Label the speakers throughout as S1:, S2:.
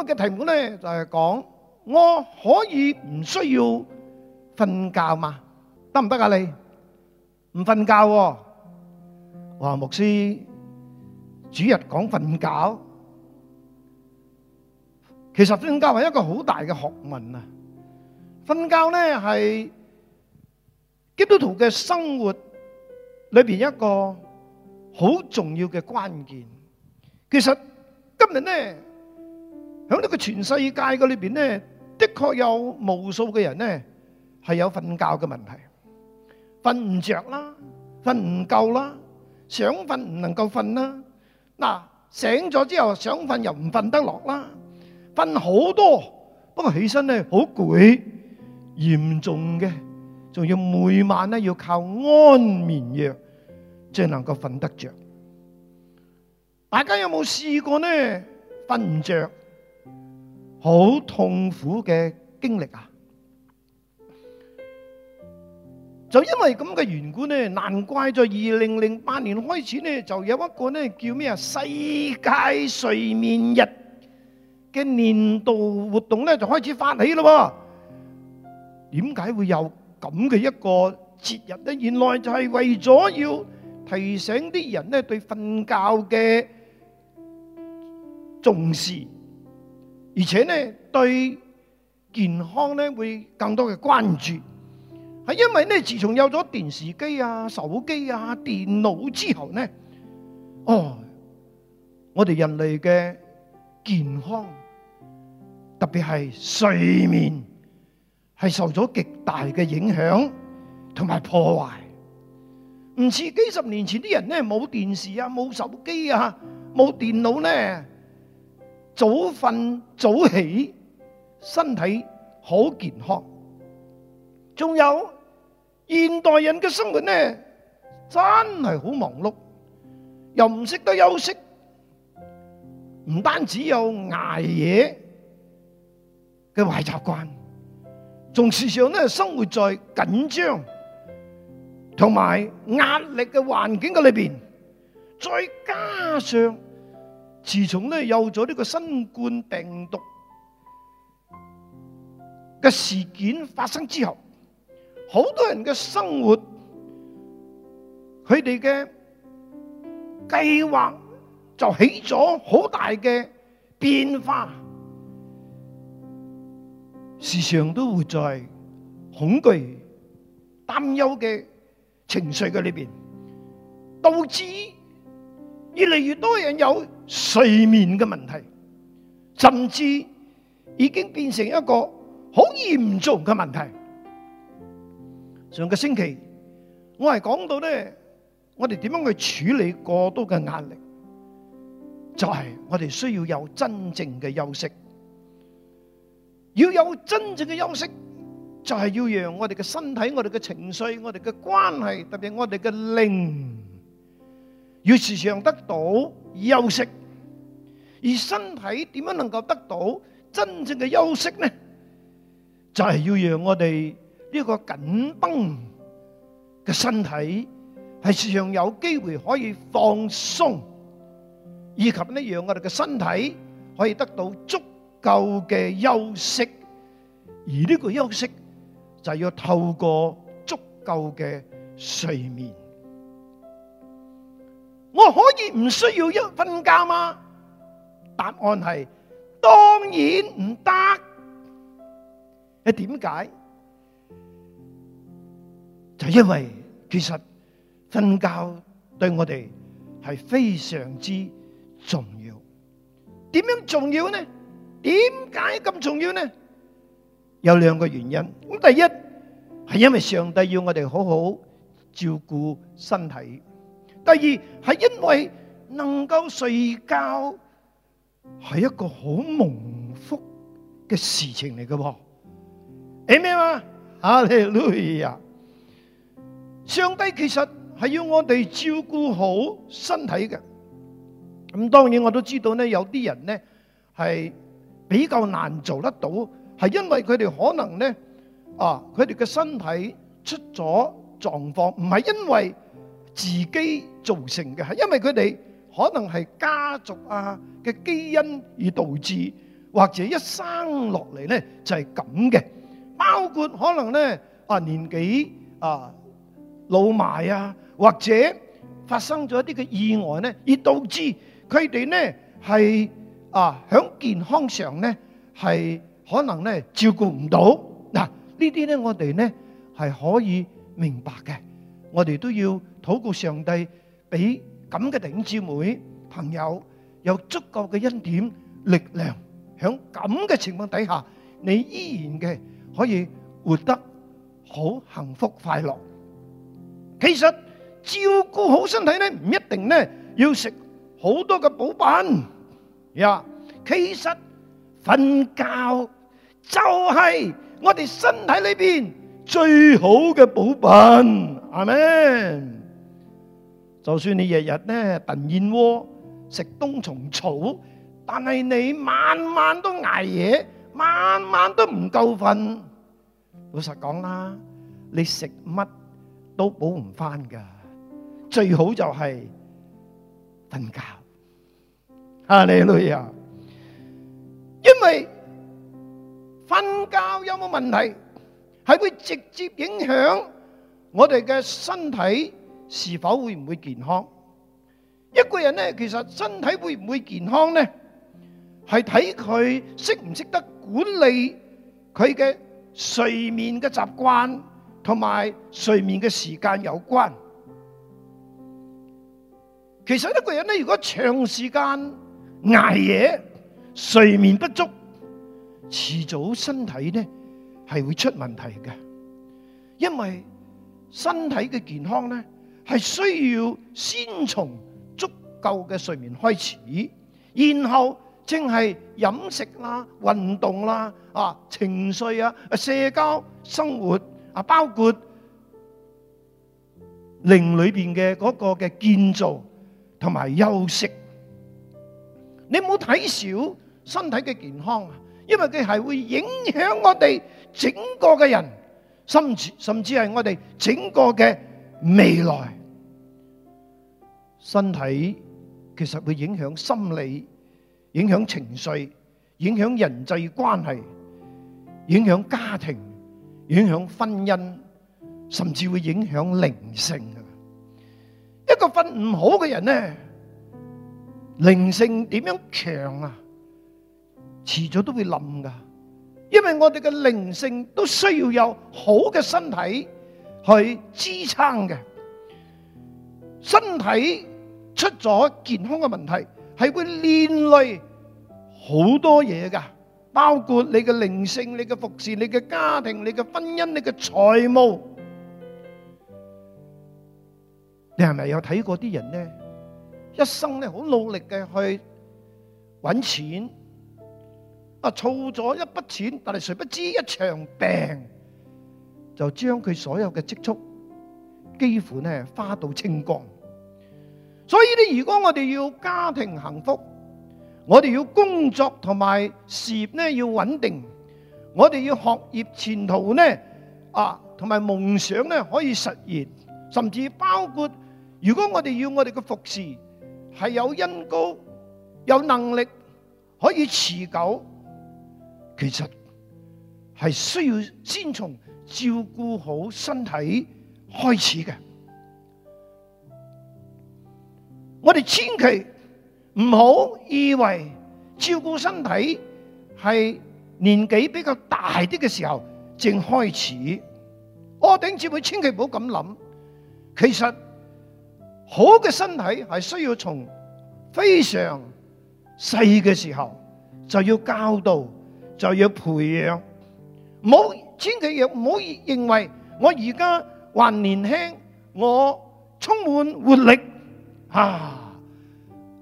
S1: 今日嘅題目咧就係講我可以唔需要瞓覺嘛？得唔得啊你唔瞓覺？哇！牧師，主日講瞓覺，其實瞓覺係一個好大嘅學問啊！瞓覺咧係基督徒嘅生活裏邊一個好重要嘅關鍵。其實今日咧。響呢個全世界嘅裏邊咧，的確有無數嘅人咧係有瞓覺嘅問題，瞓唔着啦，瞓唔夠啦，想瞓唔能夠瞓啦，嗱醒咗之後想瞓又唔瞓得落啦，瞓好多不過起身咧好攰，嚴重嘅仲要每晚咧要靠安眠藥先能夠瞓得着，大家有冇試過呢？瞓唔着？好痛苦嘅經歷啊！就因為咁嘅緣故呢，難怪在二零零八年開始呢，就有一個呢叫咩啊世界睡眠日嘅年度活動呢，就開始發起咯。點解會有咁嘅一個節日呢？原來就係為咗要提醒啲人呢對瞓覺嘅重視。而且咧，對健康咧會更多嘅關注，係因為咧自從有咗電視機啊、手機啊、電腦之後咧，哦，我哋人類嘅健康，特別係睡眠，係受咗極大嘅影響同埋破壞。唔似幾十年前啲人咧冇電視啊、冇手機啊、冇電腦咧。早瞓早起，身體好健康。仲有現代人嘅生活呢，真係好忙碌，又唔識得休息。唔單止有捱夜嘅壞習慣，仲時常呢生活在緊張同埋壓力嘅環境嘅裏邊，再加上。自從咧有咗呢個新冠病毒嘅事件發生之後，好多人嘅生活，佢哋嘅計劃就起咗好大嘅變化，時常都會在恐懼、擔憂嘅情緒嘅裏邊，導致越嚟越多人有。睡眠嘅問題，甚至已經變成一個好嚴重嘅問題。上個星期我係講到咧，我哋點樣去處理過多嘅壓力，就係我哋需要有真正嘅休息。要有真正嘅休息，就係要讓我哋嘅身體、我哋嘅情緒、我哋嘅關係，特別我哋嘅靈，要時常得到休息。而身體點樣能夠得到真正嘅休息呢？就係要讓我哋呢個緊繃嘅身體係常有機會可以放鬆，以及呢讓我哋嘅身體可以得到足夠嘅休息。而呢個休息就係要透過足夠嘅睡眠。我可以唔需要一瞓覺嗎？答案係當然唔得。你點解？就因為其實瞓覺對我哋係非常之重要。點樣重要呢？點解咁重要呢？有兩個原因。咁第一係因為上帝要我哋好好照顧身體；第二係因為能夠睡覺。係一個好蒙福嘅事情嚟嘅噃，阿門！哈利路亞！上帝其實係要我哋照顧好身體嘅。咁當然我都知道呢，有啲人呢係比較難做得到，係因為佢哋可能呢啊佢哋嘅身體出咗狀況，唔係因為自己造成嘅，係因為佢哋。可能係家族啊嘅基因而導致，或者一生落嚟咧就係咁嘅，包括可能咧啊年紀啊老邁啊，或者發生咗一啲嘅意外咧，而導致佢哋咧係啊喺健康上咧係可能咧照顧唔到嗱，呢啲咧我哋咧係可以明白嘅，我哋都要禱告上帝俾。咁嘅弟兄姊妹朋友有足夠嘅恩典力量，喺咁嘅情況底下，你依然嘅可以活得好幸福快樂。其實照顧好身體呢，唔一定呢要食好多嘅補品。呀，其實瞓覺就係我哋身體裏邊最好嘅補品。係咪？就算你日日呢燉燕窩食冬蟲草，但係你晚晚都挨夜，晚晚都唔夠瞓。老實講啦，你食乜都補唔翻噶。最好就係瞓覺。啊你女啊，因為瞓覺有冇問題，係會直接影響我哋嘅身體。是否會唔會健康？一個人呢，其實身體會唔會健康呢，係睇佢識唔識得管理佢嘅睡眠嘅習慣同埋睡眠嘅時間有關。其實一個人呢，如果長時間捱夜、睡眠不足，遲早身體呢係會出問題嘅，因為身體嘅健康呢。係需要先從足夠嘅睡眠開始，然後正係飲食啦、運動啦、啊情緒啊、社交生活啊，包括靈裏邊嘅嗰個嘅建造同埋休息。你冇睇少身體嘅健康啊，因為佢係會影響我哋整個嘅人，甚至甚至係我哋整個嘅未來。身體其實會影響心理、影響情緒、影響人際關係、影響家庭、影響婚姻，甚至會影響靈性啊！一個瞓唔好嘅人咧，靈性點樣強啊？遲早都會冧㗎，因為我哋嘅靈性都需要有好嘅身體去支撐嘅，身體。出咗健康嘅問題，係會連累好多嘢㗎，包括你嘅靈性、你嘅服侍、你嘅家庭、你嘅婚姻、你嘅財務。你係咪有睇過啲人呢？一生呢，好努力嘅去搵錢，啊，儲咗一筆錢，但係誰不知一場病就將佢所有嘅積蓄幾乎呢，花到清光。所以咧，如果我哋要家庭幸福，我哋要工作同埋事業咧要穩定，我哋要學業前途咧啊，同埋夢想咧可以實現，甚至包括如果我哋要我哋嘅服侍係有恩膏有能力可以持久，其實係需要先從照顧好身體開始嘅。我哋千祈唔好以為照顧身體係年紀比較大啲嘅時候正開始。我頂姊妹千祈唔好咁諗，其實好嘅身體係需要從非常細嘅時候就要教導，就要培養。唔好千祈要唔好認為我而家還年輕，我充滿活力。啊！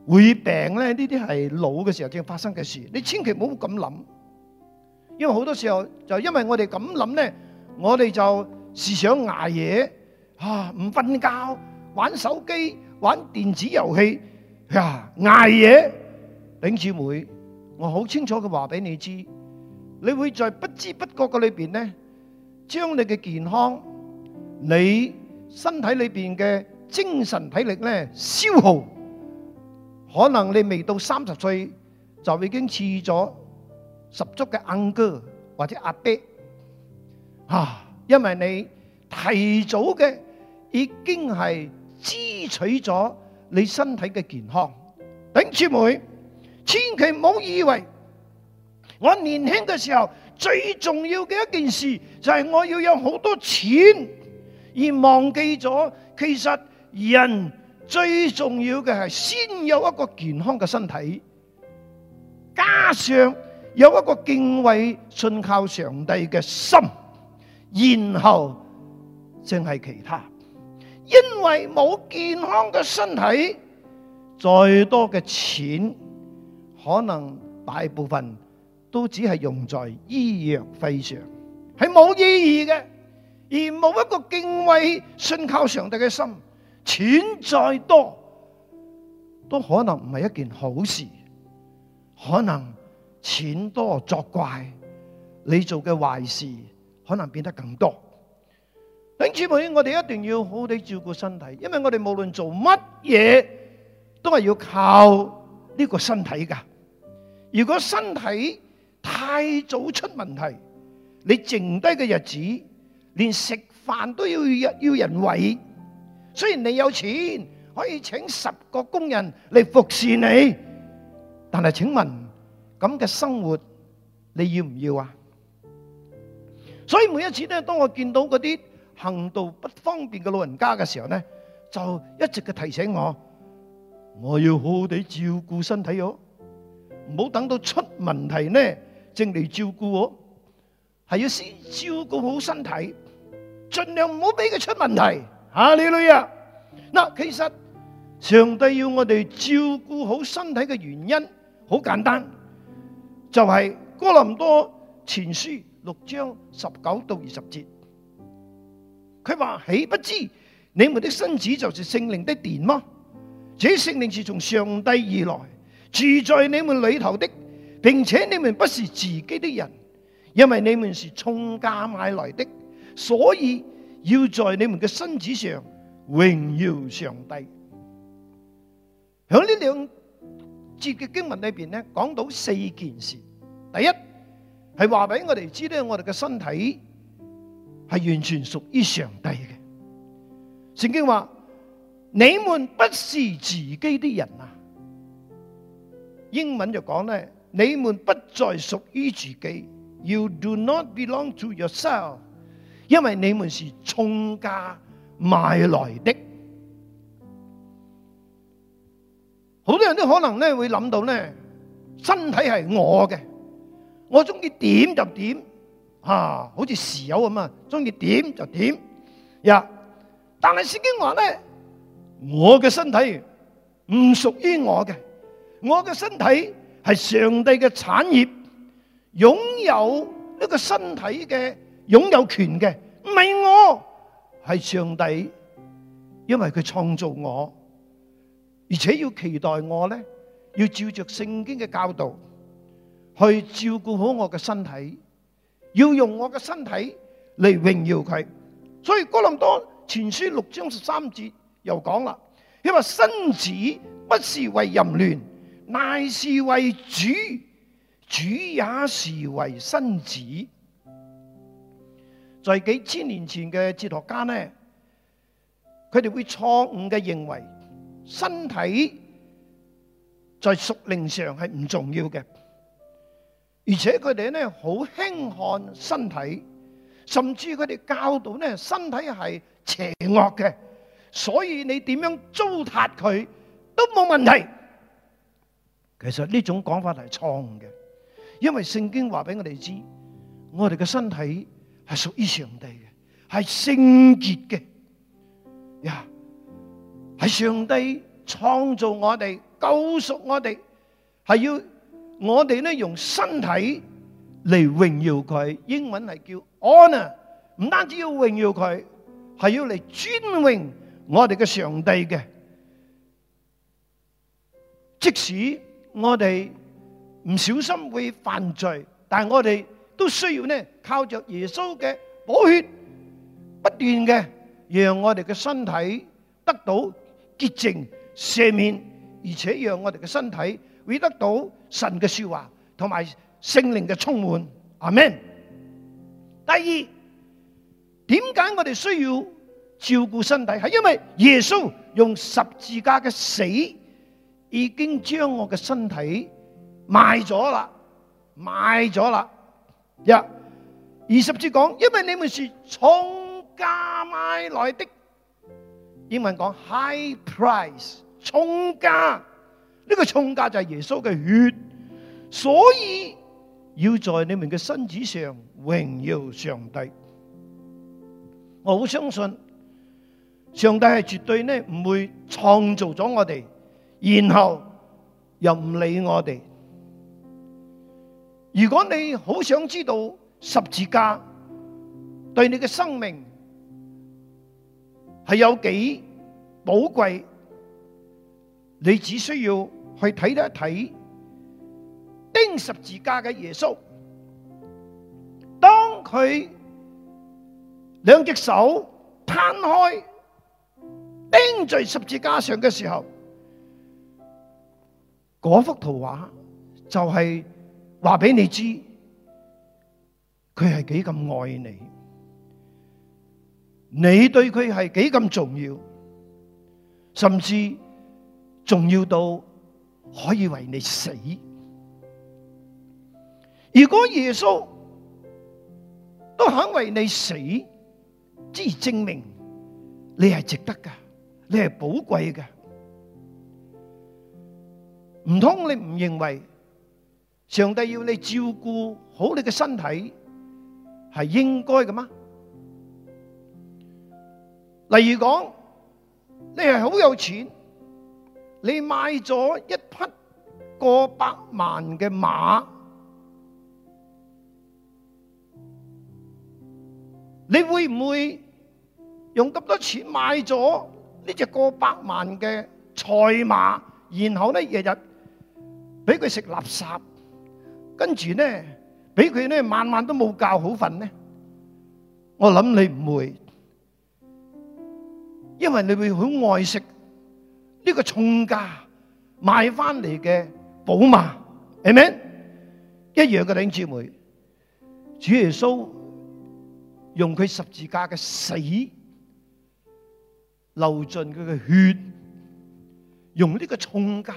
S1: 會病咧？呢啲係老嘅時候正發生嘅事，你千祈唔好咁諗，因為好多時候就因為我哋咁諗咧，我哋就試想挨夜啊，唔瞓覺，玩手機，玩電子遊戲，呀，挨夜，領姐妹，我好清楚嘅話俾你知，你會在不知不覺嘅裏邊咧，將你嘅健康，你身體裏邊嘅。精神體力咧消耗，可能你未到三十歲就已經似咗十足嘅硬哥或者阿伯啊！因為你提早嘅已經係支取咗你身體嘅健康。弟兄姊妹，千祈唔好以為我年輕嘅時候最重要嘅一件事就係我要有好多錢，而忘記咗其實。人最重要嘅係先有一個健康嘅身體，加上有一個敬畏信靠上帝嘅心，然後正係其他。因為冇健康嘅身體，再多嘅錢可能大部分都只係用在醫藥費上，係冇意義嘅。而冇一個敬畏信靠上帝嘅心。錢再多都可能唔係一件好事，可能錢多作怪，你做嘅壞事可能變得更多。因此，我哋我哋一定要好好地照顧身體，因為我哋無論做乜嘢都係要靠呢個身體㗎。如果身體太早出問題，你剩低嘅日子連食飯都要要人餵。雖然你有錢，可以請十個工人嚟服侍你，但係請問咁嘅生活你要唔要啊？所以每一次咧，當我見到嗰啲行動不方便嘅老人家嘅時候咧，就一直嘅提醒我，我要好好地照顧身體哦，唔好等到出問題咧，正嚟照顧我，係要先照顧好身體，盡量唔好俾佢出問題。啊，你女啊，嗱，其實上帝要我哋照顧好身體嘅原因，好簡單，就係哥林多前書六章十九到二十節，佢話豈不知你們的身子就是聖靈的殿嗎？這聖靈是從上帝而來，住在你們裏頭的，並且你們不是自己的人，因為你們是重價買來的，所以。要在你們嘅身子上榮耀上帝。響呢兩節嘅經文裏邊咧，講到四件事。第一係話俾我哋知咧，我哋嘅身體係完全屬於上帝嘅。聖經話：你們不是自己啲人啊。英文就講咧：你們不再屬於自己。You do not belong to yourself。因為你們是重價買來的，好多人都可能咧會諗到咧，身體係我嘅，我中意點就點，啊，好似時友咁啊，中意點就點，呀，但係聖經話咧，我嘅身體唔屬於我嘅，我嘅身體係上帝嘅產業，擁有呢個身體嘅。擁有權嘅唔係我，係上帝，因為佢創造我，而且要期待我咧，要照着聖經嘅教導去照顧好我嘅身體，要用我嘅身體嚟榮耀佢。所以哥林多前書六章十三節又講啦，因為身子不是為淫亂，乃是為主，主也是為身子。在幾千年前嘅哲學家呢，佢哋會錯誤嘅認為身體在屬靈上係唔重要嘅，而且佢哋呢好輕看身體，甚至佢哋教導呢身體係邪惡嘅，所以你點樣糟蹋佢都冇問題。其實呢種講法係錯誤嘅，因為聖經話俾我哋知，我哋嘅身體。係屬於上帝嘅，係聖潔嘅，呀，係上帝創造我哋，救贖我哋，係要我哋咧用身體嚟榮耀佢。英文係叫 honor，唔單止要榮耀佢，係要嚟尊榮我哋嘅上帝嘅。即使我哋唔小心會犯罪，但係我哋。都需要呢，靠着耶穌嘅寶血，不斷嘅讓我哋嘅身體得到潔淨、赦免，而且讓我哋嘅身體會得到神嘅說話同埋聖靈嘅充滿。阿門。第二，點解我哋需要照顧身體？係因為耶穌用十字架嘅死，已經將我嘅身體賣咗啦，賣咗啦。一二十節講，因為你們是重價買來的，英文講 high price 重價，呢、這個重價就係耶穌嘅血，所以要在你們嘅身子上榮耀上帝。我好相信，上帝係絕對呢唔會創造咗我哋，然後又唔理我哋。如果你好想知道十字架對你嘅生命係有幾寶貴，你只需要去睇一睇釘十字架嘅耶穌，當佢兩隻手攤開釘在十字架上嘅時候，嗰幅圖畫就係、是。話俾你知，佢係幾咁愛你，你對佢係幾咁重要，甚至重要到可以為你死。如果耶穌都肯為你死，之證明你係值得噶，你係寶貴噶。唔通你唔認為？上帝要你照顧好你嘅身體，係應該嘅嗎？例如講，你係好有錢，你買咗一匹過百萬嘅馬，你會唔會用咁多錢買咗呢隻過百萬嘅賽馬，然後咧日日俾佢食垃圾？跟住咧，俾佢咧晚晚都冇覺好瞓咧，我諗你唔會，因為你會好愛惜呢個重價買翻嚟嘅寶馬，係咪？一樣嘅弟兄姊妹，主耶穌用佢十字架嘅死，流盡佢嘅血，用呢個重價。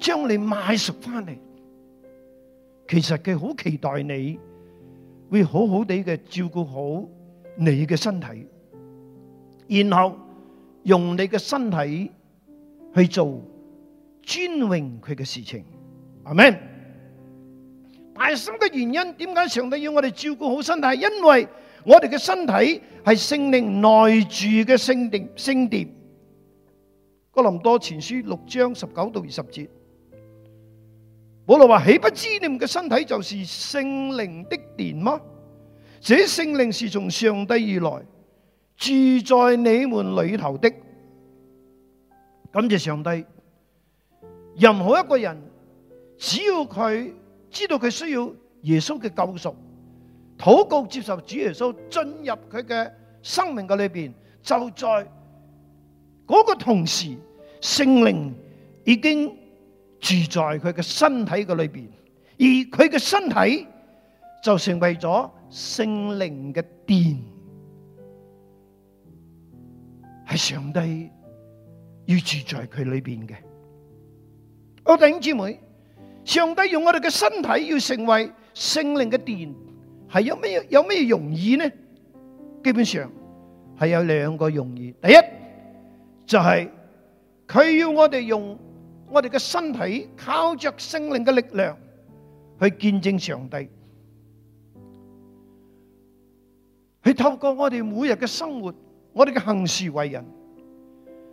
S1: 將你買贖翻嚟，其實佢好期待你會好好地嘅照顧好你嘅身體，然後用你嘅身體去做尊榮佢嘅事情。阿 min，第三個原因，點解上帝要我哋照顧好身體？因為我哋嘅身體係聖靈內住嘅聖殿。聖殿哥林多前書六章十九到二十節。保羅話：豈不知你們嘅身體就是聖靈的殿嗎？這聖靈是從上帝而來，住在你們裏頭的。感謝上帝，任何一個人只要佢知道佢需要耶穌嘅救贖，禱告接受主耶穌進入佢嘅生命嘅裏邊，就在嗰個同時，聖靈已經。住在佢嘅身體嘅裏邊，而佢嘅身體就成為咗聖靈嘅殿，係上帝要住在佢裏邊嘅。我弟兄姊妹，上帝用我哋嘅身體要成為聖靈嘅殿，係有咩有咩容易呢？基本上係有兩個容易，第一就係、是、佢要我哋用。我哋嘅身體靠着聖靈嘅力量去見證上帝，去透過我哋每日嘅生活，我哋嘅行事為人，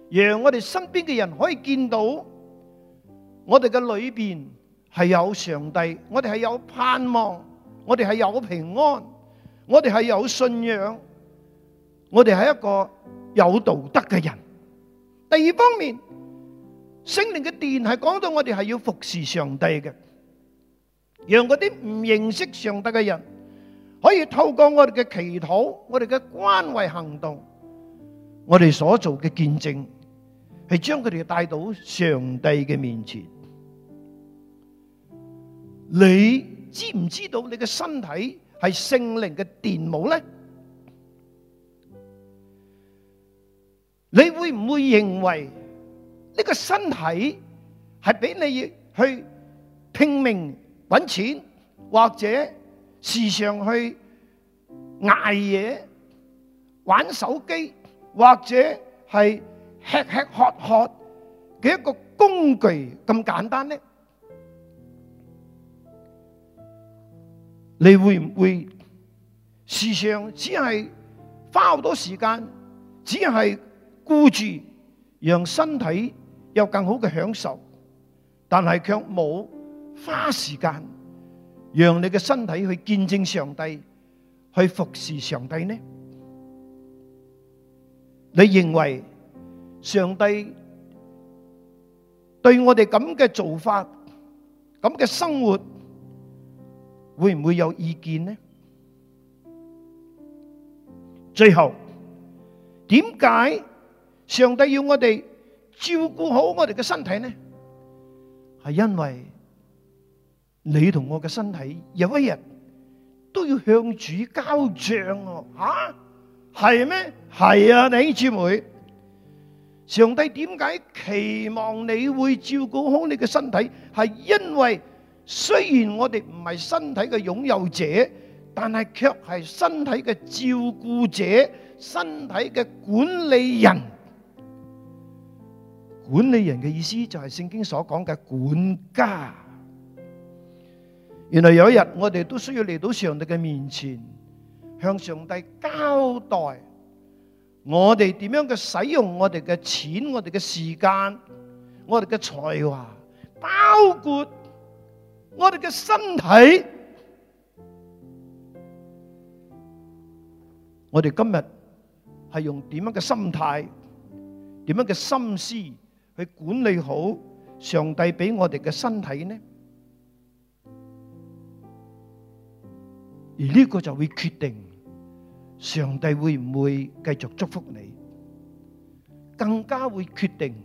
S1: 讓我哋身邊嘅人可以見到我哋嘅裏面係有上帝，我哋係有盼望，我哋係有平安，我哋係有信仰，我哋係一個有道德嘅人。第二方面。聖靈嘅殿係講到我哋係要服侍上帝嘅，讓嗰啲唔認識上帝嘅人，可以透過我哋嘅祈禱、我哋嘅關懷行動、我哋所做嘅見證，係將佢哋帶到上帝嘅面前。你知唔知道你嘅身體係聖靈嘅殿母咧？你會唔會認為？呢個身體係俾你去拼命搵錢，或者時常去捱嘢、玩手機，或者係吃吃喝喝嘅一個工具咁簡單呢？你會唔會時常只係花好多時間，只係顧住讓身體？有更好嘅享受，但係卻冇花時間，讓你嘅身體去見證上帝，去服侍上帝呢？你認為上帝對我哋咁嘅做法、咁嘅生活，會唔會有意見呢？最後，點解上帝要我哋？照顧好我哋嘅身體呢？係因為你同我嘅身體有一日都要向主交賬喎，吓係咩？係啊，你姊妹，上帝點解期望你會照顧好你嘅身體？係因為雖然我哋唔係身體嘅擁有者，但係卻係身體嘅照顧者，身體嘅管理人。管理人嘅意思就係聖經所講嘅管家。原來有一日，我哋都需要嚟到上帝嘅面前，向上帝交代我哋點樣嘅使用我哋嘅錢、我哋嘅時間、我哋嘅才華，包括我哋嘅身體。我哋今日係用點樣嘅心態、點樣嘅心思？去管理好上帝俾我哋嘅身體呢？而呢個就會決定上帝會唔會繼續祝福你，更加會決定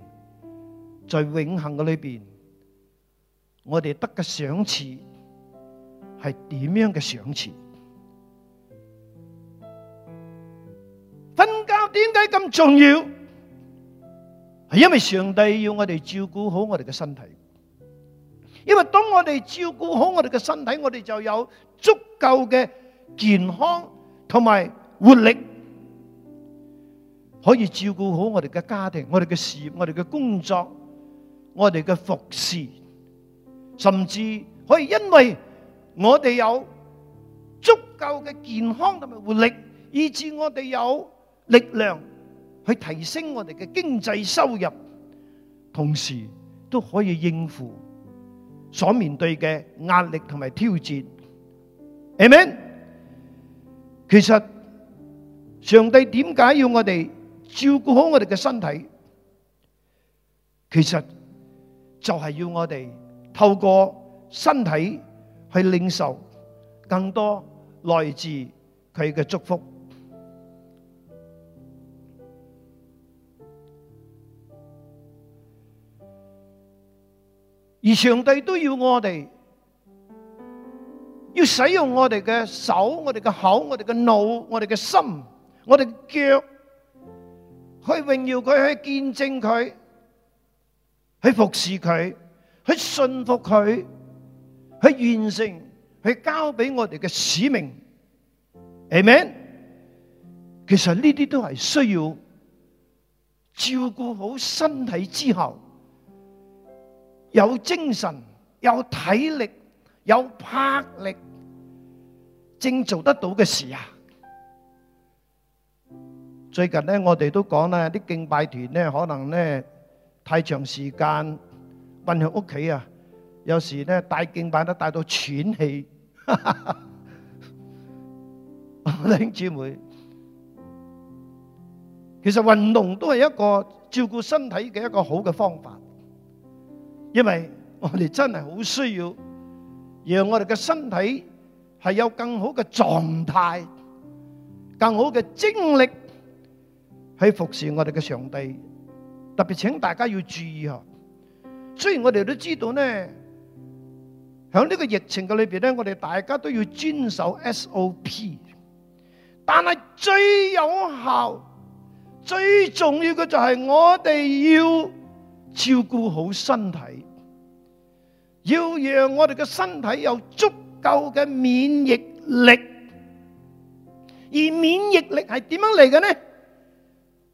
S1: 在永恆嘅裏邊，我哋得嘅賞賜係點樣嘅賞賜？瞓覺點解咁重要？係因為上帝要我哋照顧好我哋嘅身體，因為當我哋照顧好我哋嘅身體，我哋就有足夠嘅健康同埋活力，可以照顧好我哋嘅家庭、我哋嘅事業、我哋嘅工作、我哋嘅服侍，甚至可以因為我哋有足夠嘅健康同埋活力，以致我哋有力量。去提升我哋嘅經濟收入，同時都可以應付所面對嘅壓力同埋挑戰。Amen。其實上帝點解要我哋照顧好我哋嘅身體？其實就係要我哋透過身體去領受更多來自佢嘅祝福。而上帝都要我哋，要使用我哋嘅手、我哋嘅口、我哋嘅腦、我哋嘅心、我哋嘅腳，去榮耀佢，去見證佢，去服侍佢，去信服佢，去完成，去交俾我哋嘅使命。Amen。其實呢啲都係需要照顧好身體之後。有精神、有體力、有魄力，正做得到嘅事啊！最近咧，我哋都講咧，啲敬拜團咧，可能咧太長時間運向屋企啊，有時咧帶敬拜都帶到喘氣。弟兄姊妹，其實運動都係一個照顧身體嘅一個好嘅方法。因為我哋真係好需要，讓我哋嘅身體係有更好嘅狀態，更好嘅精力去服侍我哋嘅上帝。特別請大家要注意啊！雖然我哋都知道咧響呢個疫情嘅裏邊咧，我哋大家都要遵守 SOP，但係最有效、最重要嘅就係我哋要照顧好身體。要讓我哋嘅身體有足夠嘅免疫力，而免疫力係點樣嚟嘅呢？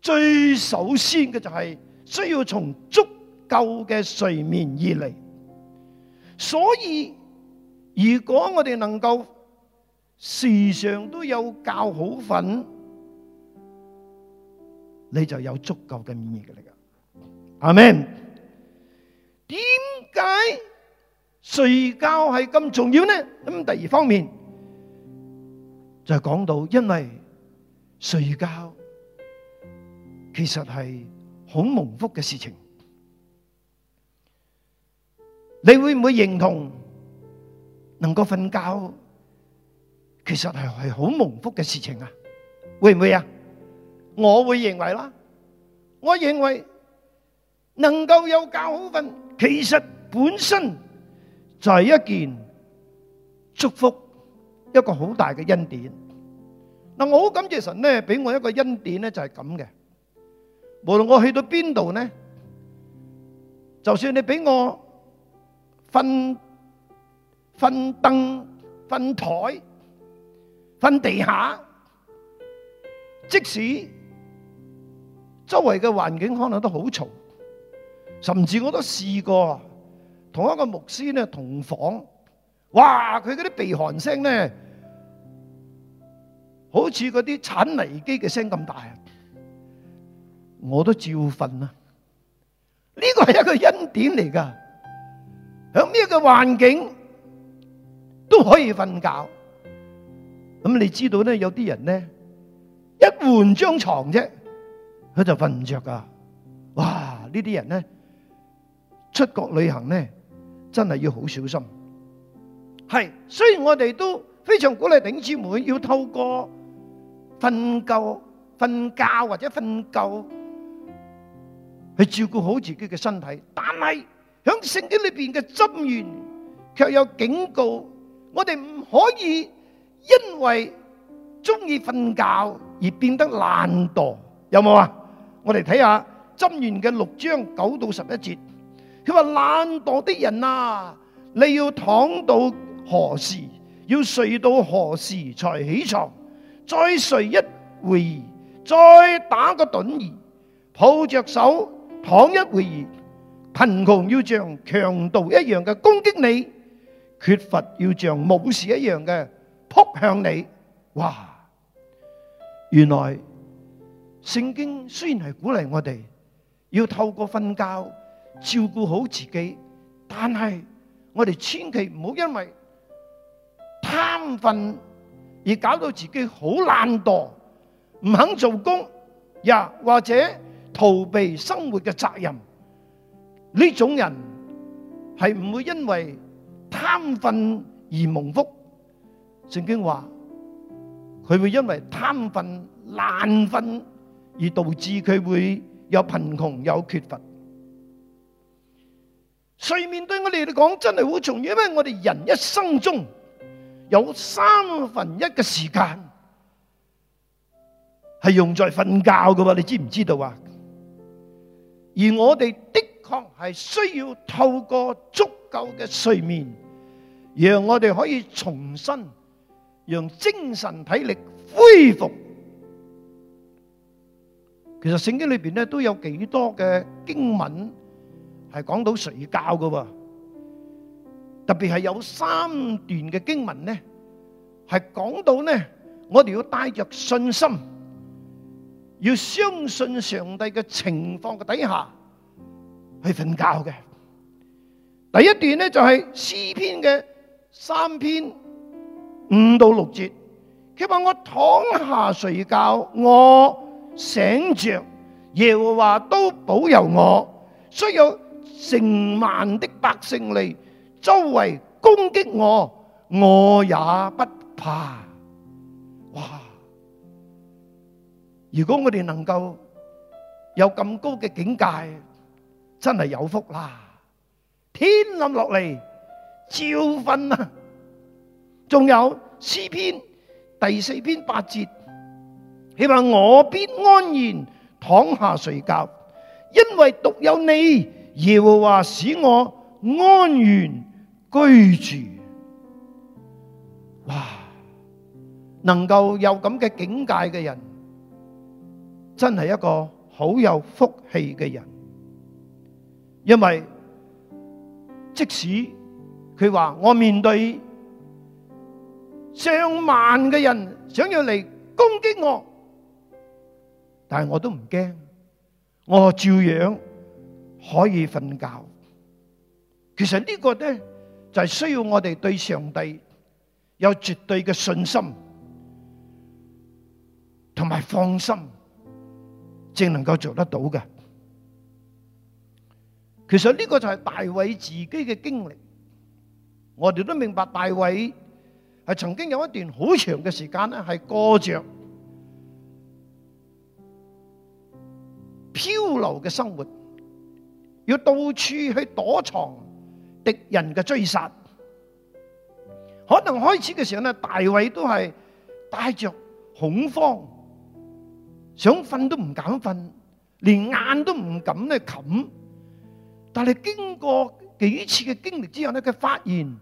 S1: 最首先嘅就係需要從足夠嘅睡眠而嚟，所以如果我哋能夠時常都有覺好瞓，你就有足夠嘅免疫力㗎。阿 min，點解睡覺係咁重要呢？咁第二方面就係講到，因為睡覺其實係好蒙福嘅事情。你會唔會認同能夠瞓覺其實係係好蒙福嘅事情啊？會唔會啊？我會認為啦，我認為能夠有覺好瞓，其實本身。就係一件祝福，一個好大嘅恩典。嗱，我好感謝神咧，俾我一個恩典咧，就係咁嘅。無論我去到邊度咧，就算你俾我瞓瞓凳、瞓台、瞓地下，即使周圍嘅環境可能都好嘈，甚至我都試過。同一個牧師咧同房，哇！佢嗰啲鼻鼾聲咧，好似嗰啲鏟泥機嘅聲咁大啊！我都照瞓啦。呢個係一個恩典嚟噶，響呢個環境都可以瞓覺。咁你知道咧，有啲人咧一換張床啫，佢就瞓唔着噶。哇！呢啲人咧出國旅行咧。真係要好小心。係雖然我哋都非常鼓勵弟兄姊妹要透過瞓覺、瞓覺或者瞓覺去照顧好自己嘅身體，但係響聖經裏邊嘅箴言卻有警告：我哋唔可以因為中意瞓覺而變得懶惰，有冇啊？我哋睇下箴言嘅六章九到十一節。佢話懶惰的人啊，你要躺到何時？要睡到何時才起床？再睡一會兒，再打個盹兒，抱着手躺一會兒。貧窮要像強盜一樣嘅攻擊你，缺乏要像武士一樣嘅撲向你。哇！原來聖經雖然係鼓勵我哋要透過瞓覺。照顧好自己，但係我哋千祈唔好因為貪瞓而搞到自己好懶惰，唔肯做工，又或者逃避生活嘅責任。呢種人係唔會因為貪瞓而蒙福。聖經話，佢會因為貪瞓懶瞓而導致佢會有貧窮有缺乏。睡眠對我哋嚟講真係好重要，因為我哋人一生中有三分一嘅時間係用在瞓覺噶噃，你知唔知道啊？而我哋的確係需要透過足夠嘅睡眠，讓我哋可以重新讓精神體力恢復。其實聖經裏邊咧都有幾多嘅經文。係講到睡覺噶，特別係有三段嘅經文呢，係講到呢，我哋要帶着信心，要相信上帝嘅情況嘅底下，去瞓覺嘅。第一段呢就係、是、詩篇嘅三篇五到六節，佢話我躺下睡覺，我醒着，耶和華都保佑我，需要。成萬的百姓嚟周圍攻擊我，我也不怕。哇！如果我哋能夠有咁高嘅境界，真係有福啦。天冧落嚟照瞓啦，仲有詩篇第四篇八節，希望我必安然躺下睡覺，因為獨有你。耶和華使我安然居住，哇！能夠有咁嘅境界嘅人，真係一個好有福氣嘅人，因為即使佢話我面對上萬嘅人想要嚟攻擊我，但係我都唔驚，我照樣。可以瞓覺，其實這個呢個咧就係需要我哋對上帝有絕對嘅信心同埋放心，正能夠做得到嘅。其實呢個就係大衛自己嘅經歷，我哋都明白大衛係曾經有一段好長嘅時間咧係過着漂流嘅生活。要到處去躲藏敵人嘅追殺，可能開始嘅時候呢，大衛都係帶着恐慌，想瞓都唔敢瞓，連眼都唔敢呢冚。但係經過幾次嘅經歷之後呢，佢發現，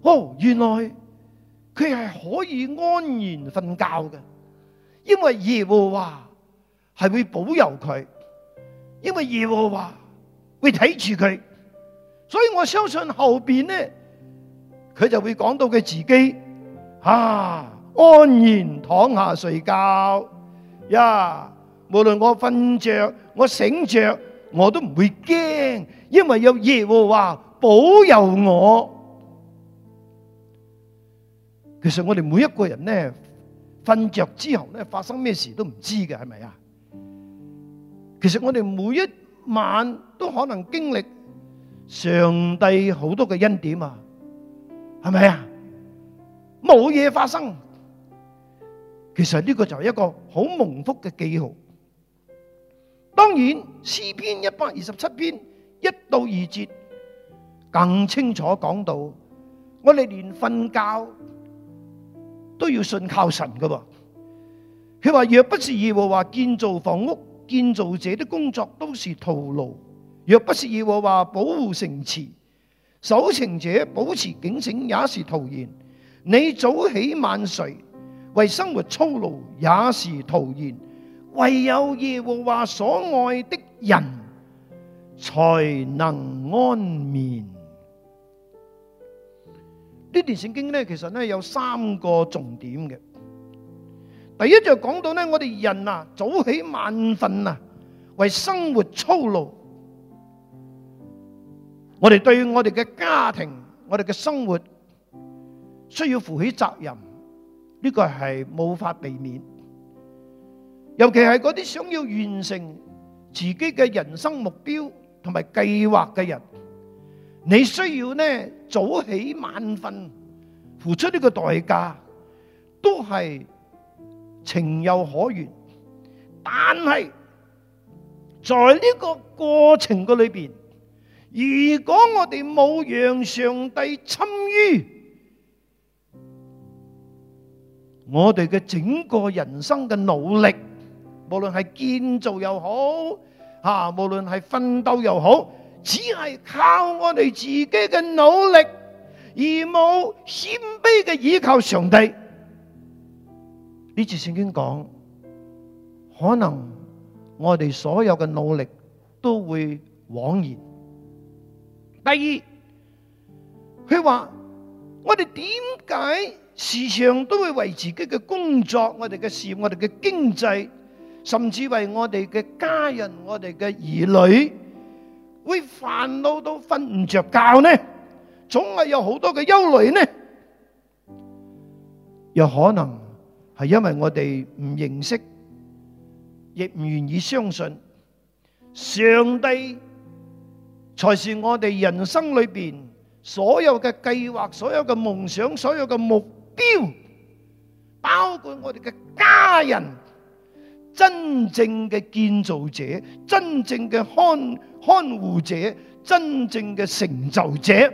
S1: 哦，原來佢係可以安然瞓覺嘅，因為耶和華係會保佑佢。因為耶和華會睇住佢，所以我相信後邊呢，佢就會講到佢自己啊安然躺下睡覺呀。Yeah, 無論我瞓着我醒着，我都唔會驚，因為有耶和華保佑我。其實我哋每一個人呢，瞓着之後呢，發生咩事都唔知嘅，係咪啊？其實我哋每一晚都可能經歷上帝好多嘅恩典啊，係咪啊？冇嘢發生，其實呢個就係一個好蒙福嘅記號。當然，詩篇一百二十七篇一到二節更清楚講到，我哋連瞓覺都要信靠神噶噃。佢話，若不是耶和華建造房屋。建造者的工作都是徒勞，若不是耶和華保護城池，守城者保持警醒也是徒然。你早起晚睡，為生活操勞也是徒然，唯有耶和華所愛的人才能安眠。呢段聖經呢，其實呢，有三個重點嘅。第一就講到咧，我哋人啊早起晚瞓啊，為生活操勞。我哋對我哋嘅家庭、我哋嘅生活需要負起責任，呢個係冇法避免。尤其係嗰啲想要完成自己嘅人生目標同埋計劃嘅人，你需要呢，早起晚瞓，付出呢個代價都係。情有可原，但係在呢個過程嘅裏邊，如果我哋冇讓上帝參與我哋嘅整個人生嘅努力，無論係建造又好，吓、啊，無論係奮鬥又好，只係靠我哋自己嘅努力，而冇謙卑嘅倚靠上帝。呢次聖經講，可能我哋所有嘅努力都會枉然。第二，佢話我哋點解時常都會為自己嘅工作、我哋嘅事業、我哋嘅經濟，甚至為我哋嘅家人、我哋嘅兒女，會煩惱到瞓唔着覺呢？總係有好多嘅憂慮呢？有可能。係因為我哋唔認識，亦唔願意相信，上帝才是我哋人生裏邊所有嘅計劃、所有嘅夢想、所有嘅目標，包括我哋嘅家人，真正嘅建造者、真正嘅看看護者、真正嘅成就者，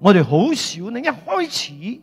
S1: 我哋好少能一開始。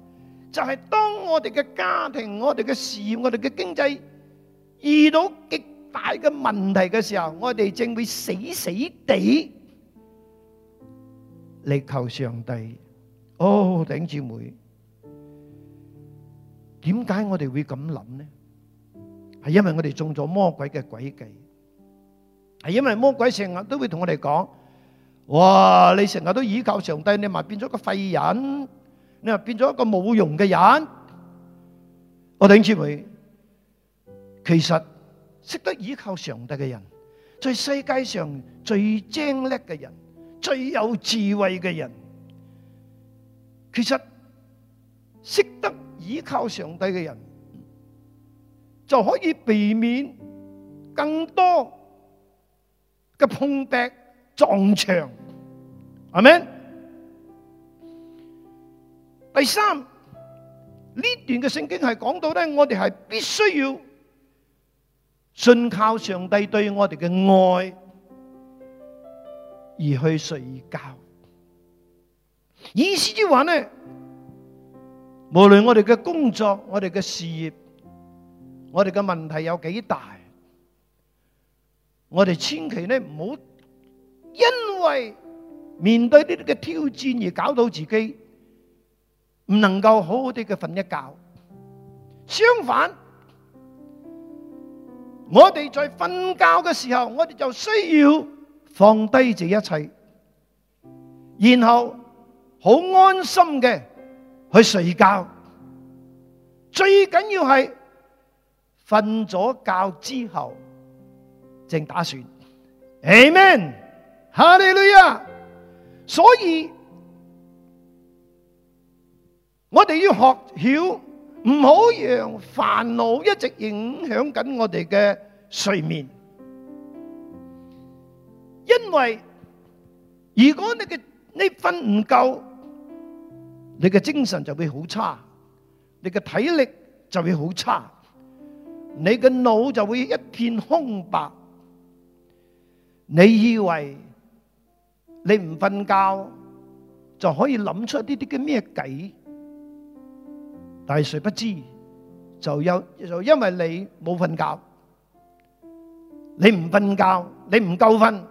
S1: 就係當我哋嘅家庭、我哋嘅事業、我哋嘅經濟遇到極大嘅問題嘅時候，我哋正會死死地嚟求上帝。哦，弟兄姊妹，點解我哋會咁諗呢？係因為我哋中咗魔鬼嘅詭計，係因為魔鬼成日都會同我哋講：哇，你成日都倚靠上帝，你咪變咗個廢人。你變咗一個冇用嘅人，我頂住佢。其實識得依靠上帝嘅人，在世界上最精叻嘅人，最有智慧嘅人，其實識得依靠上帝嘅人，就可以避免更多嘅碰壁撞牆，係咪？第三，呢段嘅聖經係講到咧，我哋係必須要信靠上帝對我哋嘅愛而去睡覺。意思即話咧，無論我哋嘅工作、我哋嘅事業、我哋嘅問題有幾大，我哋千祈咧唔好因為面對呢啲嘅挑戰而搞到自己。唔能夠好好哋嘅瞓一覺，相反，我哋在瞓覺嘅時候，我哋就需要放低這一切，然後好安心嘅去睡覺。最緊要係瞓咗覺之後，正打算，Amen，哈利路亞啊，所以。我哋要學曉，唔好讓煩惱一直影響緊我哋嘅睡眠。因為如果你嘅你瞓唔夠，你嘅精神就會好差，你嘅體力就會好差，你嘅腦就會一片空白。你以為你唔瞓覺就可以諗出一啲啲嘅咩計？但係誰不知，就因就因為你冇瞓覺，你唔瞓覺，你唔夠瞓，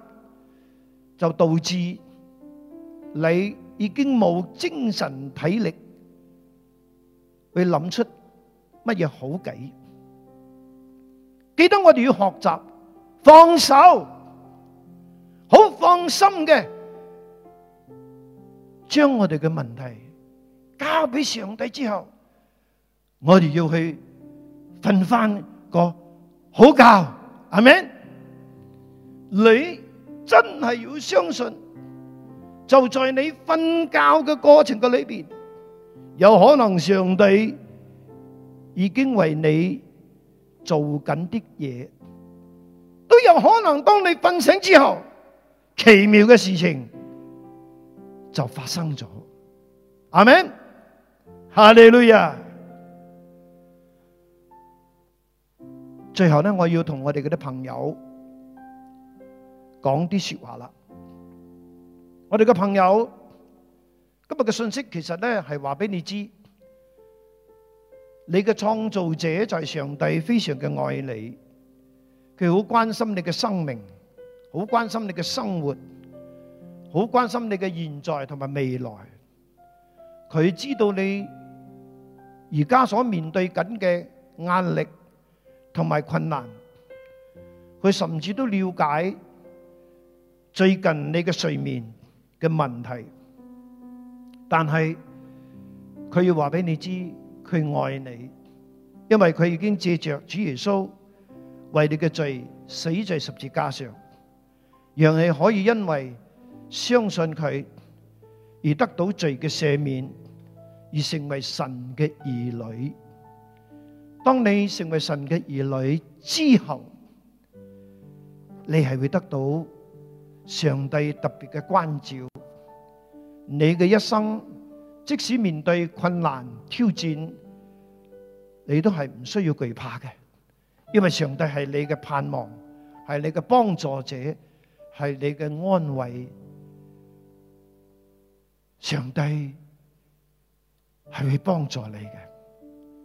S1: 就導致你已經冇精神體力去諗出乜嘢好計。記得我哋要學習放手，好放心嘅將我哋嘅問題交俾上帝之後。我哋要去瞓翻個好覺，係咪？你真係要相信，就在你瞓覺嘅過程嘅裏邊，有可能上帝已經為你做緊啲嘢，都有可能當你瞓醒之後，奇妙嘅事情就發生咗，係咪？哈利路亞。最後咧，我要同我哋嗰啲朋友講啲説話啦。我哋嘅朋友今日嘅信息其實咧係話俾你知，你嘅創造者就係上帝，非常嘅愛你，佢好關心你嘅生命，好關心你嘅生活，好關心你嘅現在同埋未來。佢知道你而家所面對緊嘅壓力。同埋困難，佢甚至都了解最近你嘅睡眠嘅問題，但係佢要話俾你知佢愛你，因為佢已經借着主耶穌為你嘅罪死在十字架上，讓你可以因為相信佢而得到罪嘅赦免，而成為神嘅兒女。當你成為神嘅兒女之後，你係會得到上帝特別嘅關照。你嘅一生，即使面對困難挑戰，你都係唔需要懼怕嘅，因為上帝係你嘅盼望，係你嘅幫助者，係你嘅安慰。上帝係會幫助你嘅。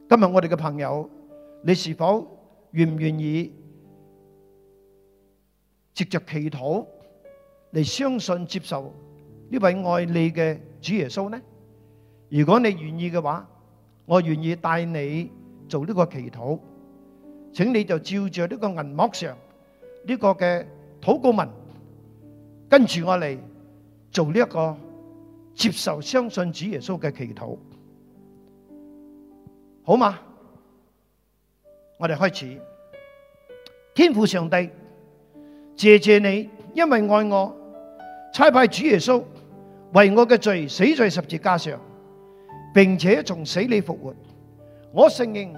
S1: 今日我哋嘅朋友，你是否願唔願意藉着祈禱嚟，相信接受呢位愛你嘅主耶穌呢？如果你願意嘅話，我願意帶你做呢個祈禱，請你就照著呢個銀幕上呢個嘅禱告文，跟住我嚟做呢一個接受相信主耶穌嘅祈禱。好嗎？我哋開始。天父上帝，謝謝你，因為愛我，差派主耶穌為我嘅罪死在十字架上，並且從死裏復活。我承認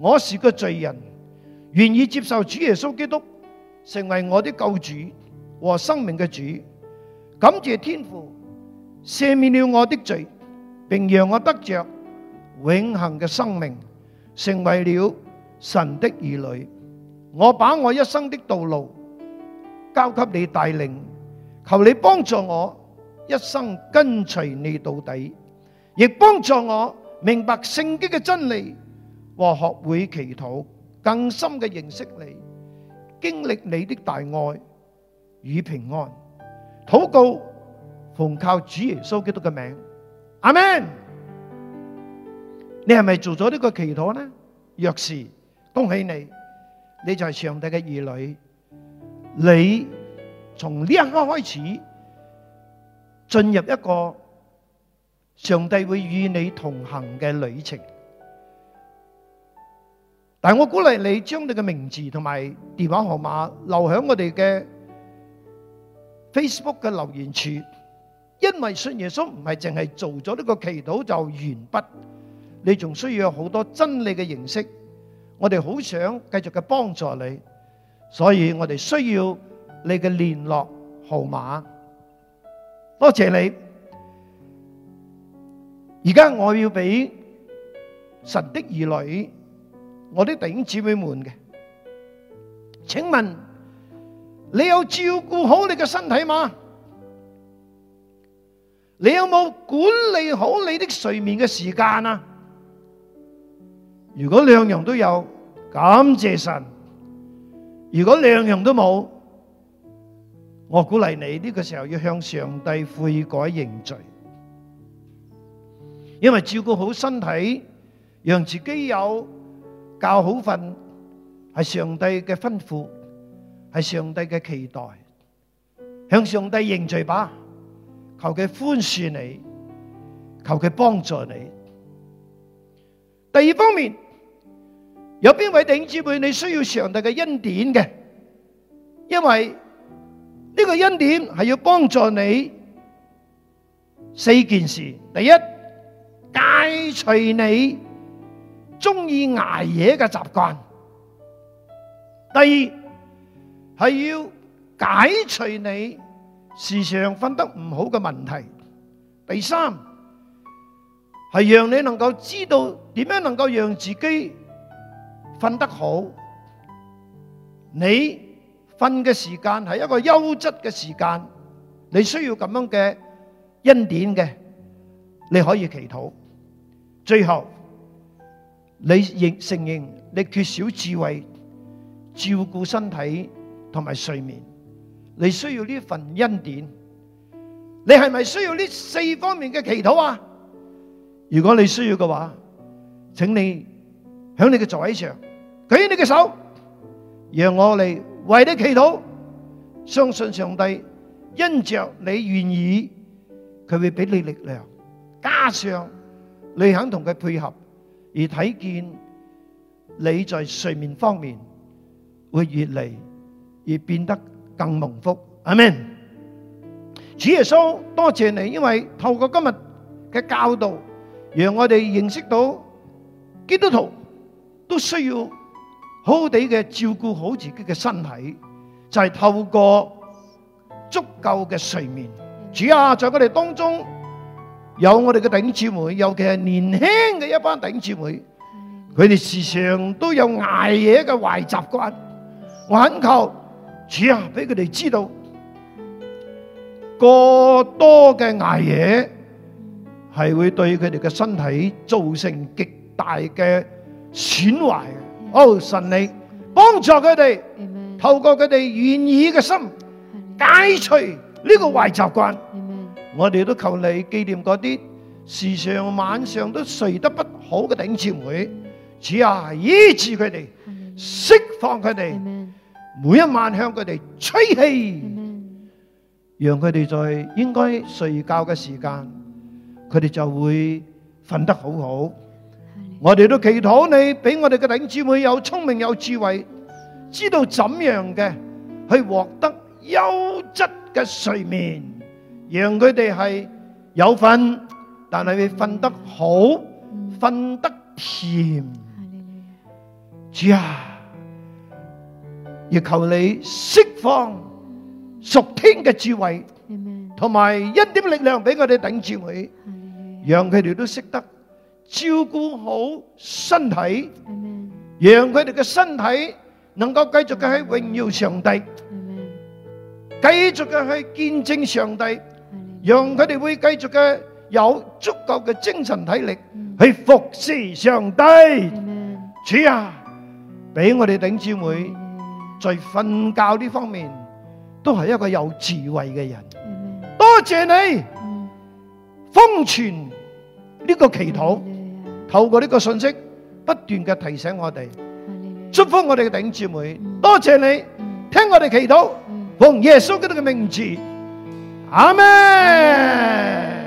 S1: 我是個罪人，願意接受主耶穌基督成為我的救主和生命嘅主。感謝天父赦免了我的罪，並讓我得着。永恆嘅生命成為了神的兒女，我把我一生的道路交給你帶領，求你幫助我一生跟隨你到底，亦幫助我明白聖經嘅真理和學會祈禱，更深嘅認識你，經歷你的大愛與平安。禱告，奉靠主耶穌基督嘅名，阿門。你係咪做咗呢個祈禱呢？若是，恭喜你，你就係上帝嘅兒女。你從呢一刻開始進入一個上帝會與你同行嘅旅程。但我鼓勵你將你嘅名字同埋電話號碼留喺我哋嘅 Facebook 嘅留言處，因為信耶穌唔係淨係做咗呢個祈禱就完畢。你仲需要有好多真理嘅形式，我哋好想繼續嘅幫助你，所以我哋需要你嘅聯絡號碼。多謝你。而家我要俾神的兒女，我的弟兄姊妹們嘅，請問你有照顧好你嘅身體嗎？你有冇管理好你的睡眠嘅時間啊？如果兩樣都有，感謝神；如果兩樣都冇，我鼓勵你呢個時候要向上帝悔改認罪，因為照顧好身體，讓自己有覺好瞓，係上帝嘅吩咐，係上帝嘅期待。向上帝認罪吧，求佢寬恕你，求佢幫助你。第二方面。有邊位弟兄姊妹，你需要上帝嘅恩典嘅，因為呢個恩典係要幫助你四件事：第一，解除你中意捱夜嘅習慣；第二，係要解除你時常瞓得唔好嘅問題；第三，係讓你能夠知道點樣能夠讓自己。瞓得好，你瞓嘅時間係一個優質嘅時間，你需要咁樣嘅恩典嘅，你可以祈禱。最後，你亦承認你缺少智慧照顧身體同埋睡眠，你需要呢份恩典。你係咪需要呢四方面嘅祈禱啊？如果你需要嘅話，請你響你嘅座位上。舉起你嘅手，讓我嚟為你祈禱。相信上帝，因着你願意，佢會俾你力量。加上你肯同佢配合，而睇見你在睡眠方面會越嚟越變得更蒙福。阿門。主耶穌，多謝你，因為透過今日嘅教導，讓我哋認識到基督徒都需要。好好地照顧好自己嘅身體，就係透過足夠嘅睡眠。主啊，在我哋當中有我哋嘅頂姊妹，尤其係年輕嘅一班頂姊妹，佢哋時常都有捱夜嘅壞習慣。我懇求主啊，俾佢哋知道，過多嘅捱夜係會對佢哋嘅身體造成極大嘅損壞。哦，神你幫助佢哋，透過佢哋願意嘅心，解除呢個壞習慣。我哋都求你紀念嗰啲時常晚上都睡得不好嘅頂住妹，主啊，醫治佢哋，釋放佢哋，每一晚向佢哋吹氣，讓佢哋在應該睡覺嘅時間，佢哋就會瞓得好好。我哋都祈禱你俾我哋嘅頂姊妹有聰明有智慧，知道怎樣嘅去獲得優質嘅睡眠，讓佢哋係有瞓，但係你瞓得好，瞓得甜。主啊，亦求你釋放屬天嘅智慧，同埋一點力量俾我哋頂姊妹，讓佢哋都識得。照顧好身體，讓佢哋嘅身體能夠繼續嘅去榮耀上帝，繼續嘅去見證上帝，讓佢哋會繼續嘅有足夠嘅精神體力去服侍上帝。主啊，俾我哋頂姊妹在瞓覺呢方面都係一個有智慧嘅人。多謝你封存呢個祈禱。透過呢個信息，不斷嘅提醒我哋，祝福我哋嘅弟兄姊妹，多謝你，聽我哋祈禱，奉耶穌嘅呢個名字，阿門。